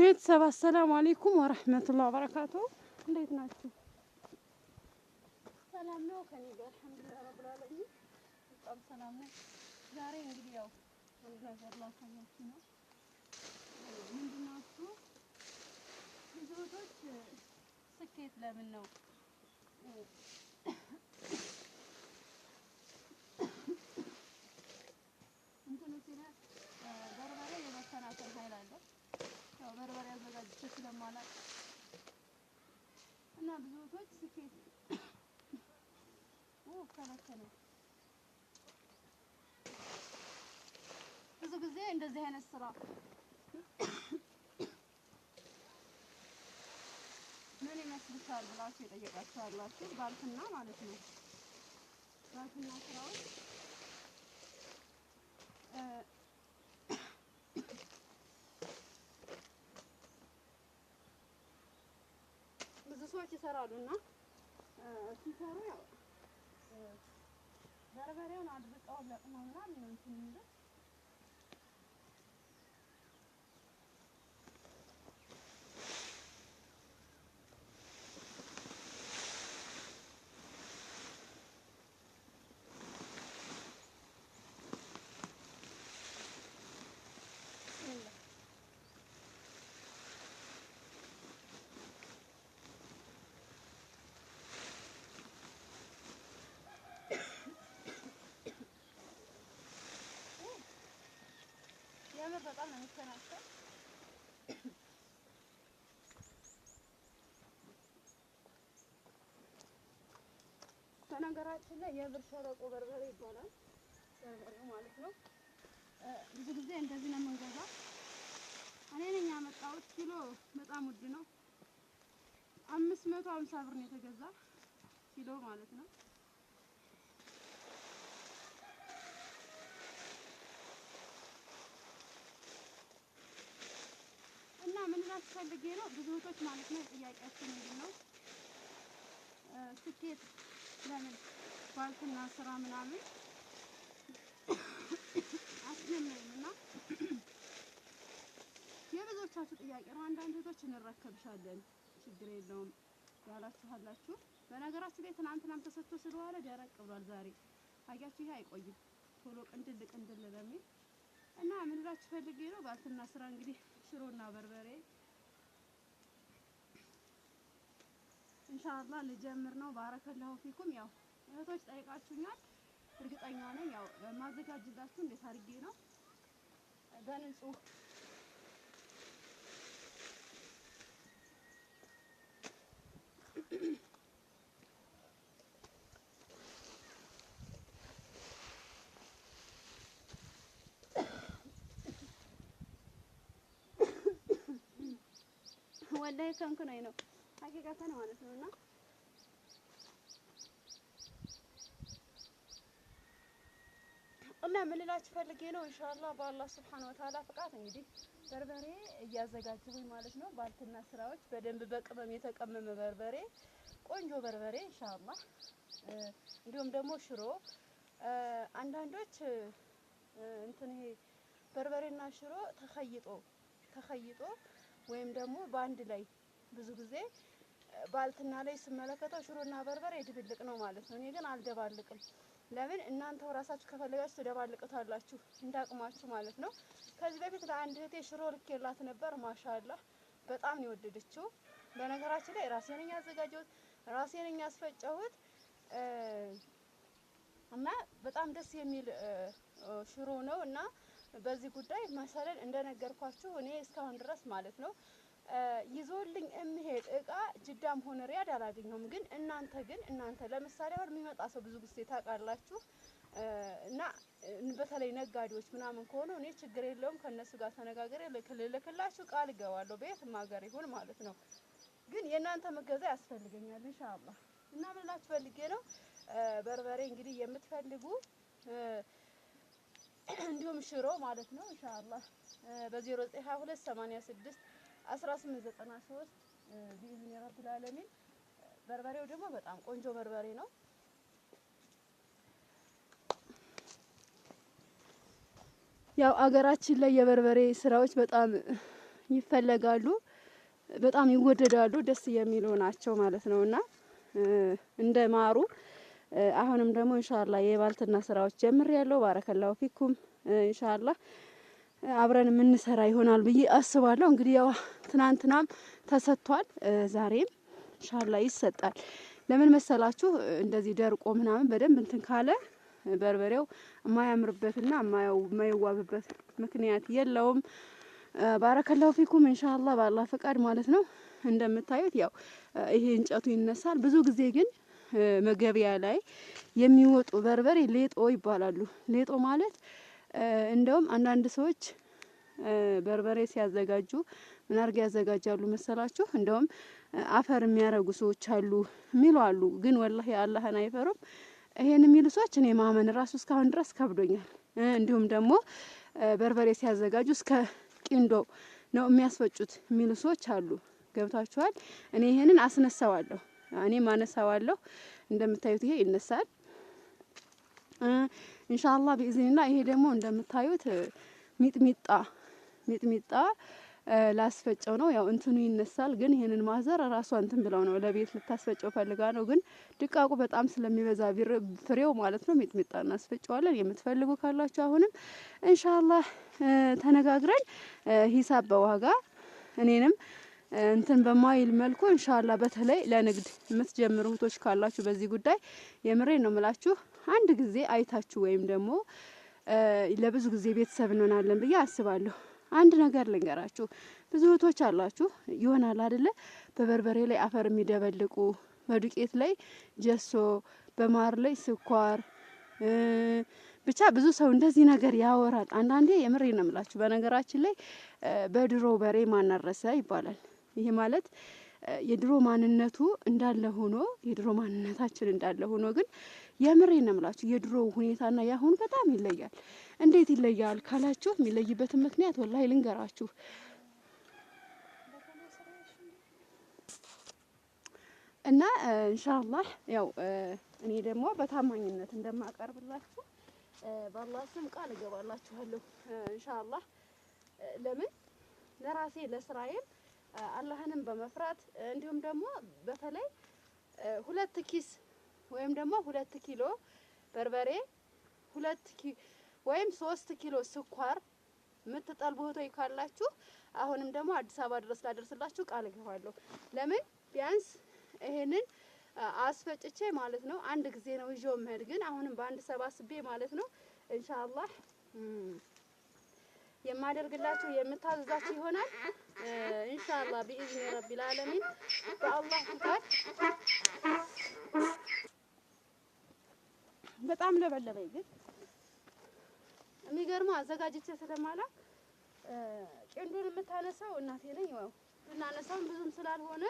ቤተሰብ አሰላሙ አሌይኩም ወረህመቱላ በረካቱ እንዴት ናችሁ? ሰላም ነው ከኔ ጋር አልሐምዱሊላህ ረብል በጣም ሰላም ነው። ዛሬ እንግዲህ ያው ነገር ላሳያችሁ ነው። ምንድን ነው እሱ ስኬት ለምን ነው እንደዚህ አይነት ስራ ምን ይመስልሻል ብላችሁ የጠየቃችሁ አላችሁ። ባልትና ማለት ነው ባልትና ስራዎች ብዙ ሰዎች ይሰራሉ እና ሲሰሩ ያው በርበሬውን አድርቀው ለቅመው ምናምን እንትን የሚሉት ነገር በጣም ነው የሚሰናሰል። በነገራችን ላይ የብር ሸለቆ በርበሬ ይባላል በርበሬው ማለት ነው። ብዙ ጊዜ እንደዚህ ነው የምንገዛ። እኔ ነኝ ያመጣሁት። ኪሎ በጣም ውድ ነው። አምስት መቶ ሀምሳ ብር ነው የተገዛ ኪሎ ማለት ነው። ለማለት ፈልጌ ነው። ብዙ እህቶች ማለት ነው ጥያቄያችን ምንድን ነው ስኬት ለምን ባልትና ስራ ምናምን አስጀምሪም እና የብዙዎቻችሁ ጥያቄ ነው። አንዳንድ እህቶች እንረከብሻለን ችግር የለውም ያላችኋላችሁ። በነገራችሁ ላይ ትናንትናም ተሰጥቶ ስለዋለ ደረቅ ብሏል። ዛሬ አያችሁ፣ ይሄ አይቆይም ቶሎ ቅንድል ቅንድል በሚል እና ምንላችሁ ፈልጌ ነው ባልትና ስራ እንግዲህ ሽሮና በርበሬ ኢንሻአላህ ልጀምር ነው። ባረከላሁ ፊኩም። ያው እህቶች ጠይቃችሁኛል፣ እርግጠኛ ነኝ ያው ማዘጋጅላችሁ እንዴት አድርጌ ነው በንጹ ወላሂ ከንኩ ነኝ ነው ቃል የገባን ማለት ነውና እና ምን እላችሁ ፈልጌ ነው ኢንሻአላህ በአላህ ስብሐነ ወተዓላ ፍቃድ እንግዲህ በርበሬ እያዘጋጀሁኝ ማለት ነው። ባልትና ስራዎች በደንብ በቅመም የተቀመመ በርበሬ፣ ቆንጆ በርበሬ ኢንሻአላህ። እንዲሁም ደግሞ ሽሮ አንዳንዶች እንትን ይሄ በርበሬና ሽሮ ተኸይጦ ተኸይጦ ወይም ደግሞ በአንድ ላይ ብዙ ጊዜ ባልትና ላይ ስመለከተው ሽሮና በርበሬ ድብልቅ ነው ማለት ነው። እኔ ግን አልደባልቅም። ለምን እናንተው ራሳችሁ ከፈለጋችሁ ትደባልቅታላችሁ እንዳቅማችሁ ማለት ነው። ከዚህ በፊት ለአንድ እህቴ ሽሮ ልኬላት ነበር። ማሻላ በጣም ነው የወደደችው። በነገራችን ላይ ራሴ ነኝ ያዘጋጀሁት፣ ራሴ ነኝ ያስፈጨሁት እና በጣም ደስ የሚል ሽሮ ነው እና በዚህ ጉዳይ መሰለን እንደነገርኳችሁ እኔ እስካሁን ድረስ ማለት ነው ይዞልኝ የሚሄድ እቃ ጅዳም ሆነ ሪያድ አላገኘሁም። ግን እናንተ ግን እናንተ ለምሳሌ አሁን የሚመጣ ሰው ብዙ ጊዜ ታውቃላችሁ እና በተለይ ነጋዴዎች ምናምን ከሆነ እኔ ችግር የለውም ከእነሱ ጋር ተነጋገር ልክልልክላችሁ ቃል እገባለሁ በየትም ሀገር ይሁን ማለት ነው። ግን የእናንተ መገዛ ያስፈልገኛል እንሻላ እና ብላችሁ ፈልጌ ነው። በርበሬ እንግዲህ የምትፈልጉ እንዲሁም ሽሮ ማለት ነው እንሻላ በ0922 86 1893 ቢኢዝን የረብል ዓለሚን በርበሬው ደግሞ በጣም ቆንጆ በርበሬ ነው። ያው አገራችን ላይ የበርበሬ ስራዎች በጣም ይፈለጋሉ፣ በጣም ይወደዳሉ፣ ደስ የሚሉ ናቸው ማለት ነው እና እንደ ማሩ አሁንም ደግሞ እንሻላ የባልትና ስራዎች ጀምር ያለው ባረከላሁ ፊኩም ኢንሻአላህ አብረን የምንሰራ ይሆናል ብዬ አስባለሁ። እንግዲህ ያው ትናንትናም ተሰጥቷል፣ ዛሬም ሻላ ይሰጣል። ለምን መሰላችሁ? እንደዚህ ደርቆ ምናምን በደንብ እንትን ካለ በርበሬው የማያምርበትና የማይዋብበት ምክንያት የለውም። ባረከላሁ ፊኩም እንሻላ ባላ ፈቃድ ማለት ነው። እንደምታዩት ያው ይሄ እንጨቱ ይነሳል። ብዙ ጊዜ ግን መገቢያ ላይ የሚወጡ በርበሬ ሌጦ ይባላሉ። ሌጦ ማለት እንደውም አንዳንድ ሰዎች በርበሬ ሲያዘጋጁ ምን አድርገው ያዘጋጃሉ መሰላችሁ? እንደውም አፈር የሚያረጉ ሰዎች አሉ የሚሉ አሉ። ግን ወላሂ አላህን አይፈሩም። ይሄን የሚሉ ሰዎች እኔ ማመን ራሱ እስካሁን ድረስ ከብዶኛል። እንዲሁም ደግሞ በርበሬ ሲያዘጋጁ እስከ ቂንዶ ነው የሚያስፈጩት የሚሉ ሰዎች አሉ። ገብታችኋል? እኔ ይሄንን አስነሳዋለሁ፣ እኔም አነሳዋለሁ። እንደምታዩት ይሄ ይነሳል። እንሻላ ቢእዝኒላ። ይሄ ደግሞ እንደምታዩት ሚጥሚጣ ሚጥሚጣ ላስፈጨው ነው። ያው እንትኑ ይነሳል፣ ግን ይህንን ማዘር ራሷ እንትን ብለው ነው ለቤት ልታስፈጨው ፈልጋ ነው። ግን ድቃቁ በጣም ስለሚበዛ ፍሬው ማለት ነው ሚጥሚጣ እናስፈጨዋለን። የምትፈልጉ ካላችሁ አሁንም ኢንሻአላህ ተነጋግረን ሂሳብ በዋጋ እኔንም እንትን በማይል መልኩ ኢንሻአላህ በተለይ ለንግድ የምትጀምሩ እህቶች ካላችሁ በዚህ ጉዳይ የምሬ ነው ምላችሁ አንድ ጊዜ አይታችሁ ወይም ደግሞ ለብዙ ጊዜ ቤተሰብ እንሆናለን ብዬ አስባለሁ። አንድ ነገር ልንገራችሁ፣ ብዙ እህቶች አላችሁ ይሆናል አደለ? በበርበሬ ላይ አፈር የሚደበልቁ በዱቄት ላይ ጀሶ፣ በማር ላይ ስኳር፣ ብቻ ብዙ ሰው እንደዚህ ነገር ያወራል። አንዳንዴ የምሬ ነው የምላችሁ። በነገራችን ላይ በድሮ በሬ ማናረሰ ይባላል። ይሄ ማለት የድሮ ማንነቱ እንዳለ ሆኖ የድሮ ማንነታችን እንዳለ ሆኖ ግን የምሬ ነው የምላችሁ የድሮ ሁኔታና ያሁን በጣም ይለያል። እንዴት ይለያል ካላችሁ የሚለይበትን ምክንያት ወላሂ ልንገራችሁ። እና ኢንሻአላህ ያው እኔ ደግሞ በታማኝነት እንደማቀርብላችሁ በአላህ ስም ቃል እገባላችኋለሁ። ኢንሻአላህ ለምን ለራሴ ለስራዬም አላህንም በመፍራት እንዲሁም ደግሞ በተለይ ሁለት ኪስ ወይም ደግሞ ሁለት ኪሎ በርበሬ ሁለት ኪሎ ወይም ሶስት ኪሎ ስኳር የምትጠልቡ እህቶች ካላችሁ አሁንም ደግሞ አዲስ አበባ ድረስ ላደርስላችሁ ቃል እገባለሁ። ለምን ቢያንስ ይሄንን አስፈጭቼ ማለት ነው አንድ ጊዜ ነው ይዤው መሄድ፣ ግን አሁንም በአንድ ሰባስቤ ማለት ነው ኢንሻአላህ የማደርግላችሁ የምታዘዛችሁ ይሆናል። ኢንሻአላህ ቢኢዝኒ ረቢል ዓለሚን በአላህ ፍቃድ በጣም ለበለበኝ። ግን የሚገርመው አዘጋጅቼ ስለማላ ቄንዶን የምታነሳው እናቴ ነኝ። ያው ብናነሳም ብዙም ስላልሆነ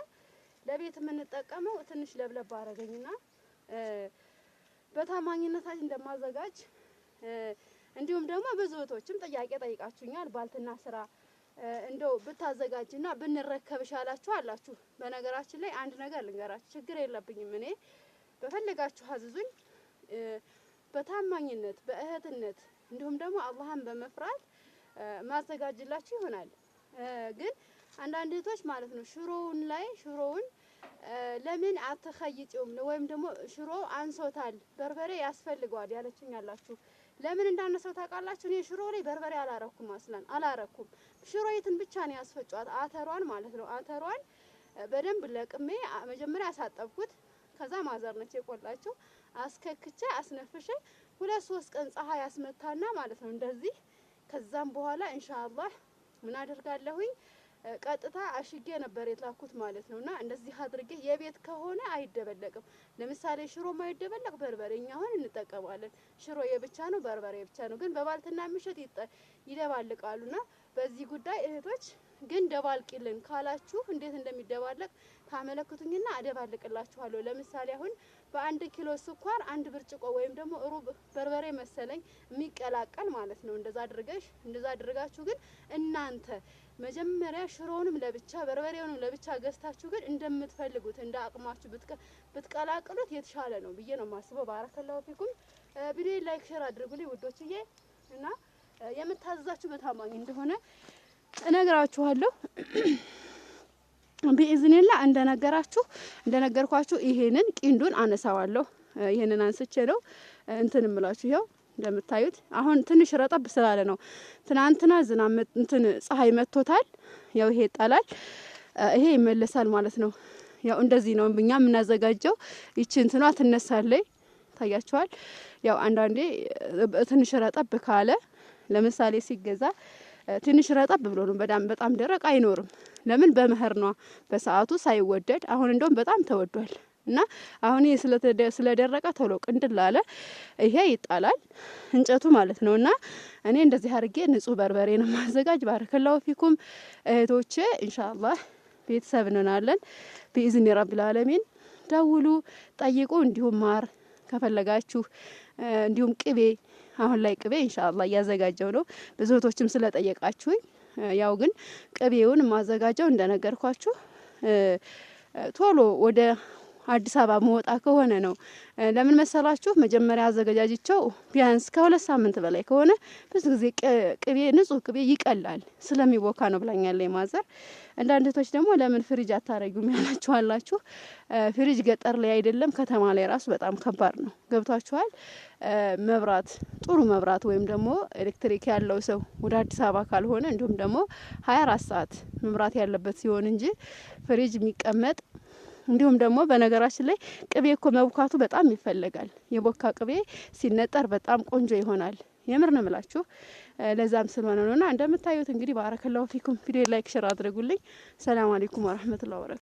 ለቤት የምንጠቀመው ትንሽ ለብለብ አደረገኝና በታማኝነታችን እንደማዘጋጅ እንዲሁም ደግሞ ብዙ እህቶችም ጥያቄ ጠይቃችሁኛል። ባልትና ስራ እንደው ብታዘጋጅና ብንረከብሽ ያላችሁ አላችሁ። በነገራችን ላይ አንድ ነገር ልንገራችሁ፣ ችግር የለብኝም እኔ በፈለጋችሁ አዝዙኝ። በታማኝነት በእህትነት እንዲሁም ደግሞ አላህን በመፍራት ማዘጋጅላችሁ ይሆናል። ግን አንዳንድ እህቶች ማለት ነው ሽሮውን ላይ ሽሮውን ለምን አትኸይጭውም ወይም ደግሞ ሽሮ አንሶታል በርበሬ ያስፈልገዋል ያለችኝ አላችሁ። ለምን እንዳነሰው ታውቃላችሁ? እኔ ሽሮ ላይ በርበሬ አላረኩም፣ አስለን አላረኩም። ሽሮይትን ብቻ ነው ያስፈጫት፣ አተሯን ማለት ነው። አተሯን በደንብ ለቅሜ መጀመሪያ ያሳጠብኩት፣ ከዛ ማዘር ነች የቆላችሁ አስከክቼ አስነፍሼ ሁለት ሶስት ቀን ፀሐይ አስመታና ማለት ነው እንደዚህ። ከዛም በኋላ ኢንሻአላህ ምን አደርጋለሁኝ ቀጥታ አሽጌ ነበር የላኩት ማለት ነውና እንደዚህ አድርጌ የቤት ከሆነ አይደበለቅም። ለምሳሌ ሽሮ ማይደበለቅ በርበሬ እኛ አሁን እንጠቀማለን። ሽሮ የብቻ ነው፣ በርበሬ ብቻ ነው። ግን በባልትና ምሽት ይደባልቃሉና በዚህ ጉዳይ እህቶች ግን ደባልቂልን ካላችሁ እንዴት እንደሚደባለቅ ታመለክቱኝና አደባልቅላችኋለሁ። ለምሳሌ አሁን በአንድ ኪሎ ስኳር አንድ ብርጭቆ ወይም ደግሞ ሩብ በርበሬ መሰለኝ የሚቀላቀል ማለት ነው። እንደዛ አድርገሽ እንደዛ አድርጋችሁ ግን እናንተ መጀመሪያ ሽሮውንም ለብቻ በርበሬውንም ለብቻ ገዝታችሁ ግን እንደምትፈልጉት እንደ አቅማችሁ ብትቀላቅሉት የተሻለ ነው ብዬ ነው የማስበው። ባረከላሁ ፊኩም ቪዲዮ ላይክ ሼር አድርጉልኝ ውዶችዬ እና የምታዘዛችሁ በታማኝ እንደሆነ እነግራችኋለሁ። ቢኢዝኒላ እንደነገራችሁ እንደነገርኳችሁ ይሄንን ቂንዱን አነሳዋለሁ። ይሄንን አንስቼ ነው እንትን እምላችሁ። ይኸው እንደምታዩት አሁን ትንሽ ረጠብ ስላለ ነው። ትናንትና ዝናብ እንትን ፀሐይ መጥቶታል። ያው ይሄ ይጣላል፣ ይሄ ይመለሳል ማለት ነው። ያው እንደዚህ ነው ብኛ የምናዘጋጀው። ይቺ እንትኗ ትነሳለይ፣ ታያችኋል። ያው አንዳንዴ ትንሽ ረጠብ ካለ ለምሳሌ ሲገዛ ትንሽ ረጠብ ብሎ ነው። በጣም በጣም ደረቅ አይኖርም። ለምን በመኸር ነው በሰዓቱ ሳይወደድ። አሁን እንደውም በጣም ተወዷል እና አሁን ይሄ ስለደረቀ ቶሎ ቅንድል አለ። ይሄ ይጣላል እንጨቱ ማለት ነው። እና እኔ እንደዚህ አድርጌ ንጹህ በርበሬ ነው ማዘጋጅ። ባረከላሁ ፊኩም እህቶቼ፣ ኢንሻአላህ ቤተሰብ እንሆናለን ቢኢዝኒ ረብል ዓለሚን። ደውሉ ጠይቁ። እንዲሁም ማር ከፈለጋችሁ እንዲሁም ቅቤ አሁን ላይ ቅቤ እንሻላ እያዘጋጀው ነው። ብዙ እህቶችም ስለጠየቃችሁኝ ያው ግን ቅቤውን ማዘጋጀው እንደነገርኳችሁ ቶሎ ወደ አዲስ አበባ መወጣ ከሆነ ነው። ለምን መሰላችሁ? መጀመሪያ አዘገጃጅቸው ቢያንስ ከሁለት ሳምንት በላይ ከሆነ ብዙ ጊዜ ቅቤ ንጹህ ቅቤ ይቀላል ስለሚቦካ ነው ብላኛለች ማዘር። አንዳንድ እህቶች ደግሞ ለምን ፍሪጅ አታረጊም ያላችሁ አላችሁ። ፍሪጅ ገጠር ላይ አይደለም ከተማ ላይ ራሱ በጣም ከባድ ነው። ገብቷችኋል? መብራት ጥሩ መብራት ወይም ደግሞ ኤሌክትሪክ ያለው ሰው ወደ አዲስ አበባ ካልሆነ እንዲሁም ደግሞ ሀያ አራት ሰዓት መብራት ያለበት ሲሆን እንጂ ፍሪጅ የሚቀመጥ እንዲሁም ደግሞ በነገራችን ላይ ቅቤ እኮ መቡካቱ በጣም ይፈለጋል። የቦካ ቅቤ ሲነጠር በጣም ቆንጆ ይሆናል። የምር ነው ምላችሁ። ለዛም ስለሆነ ነውና እንደምታዩት እንግዲህ ባረከላሁ ፊኩም ቪዲዮ ላይክ ሽር አድርጉልኝ። ሰላም አሌይኩም ወረህመቱላ ወበረካቱ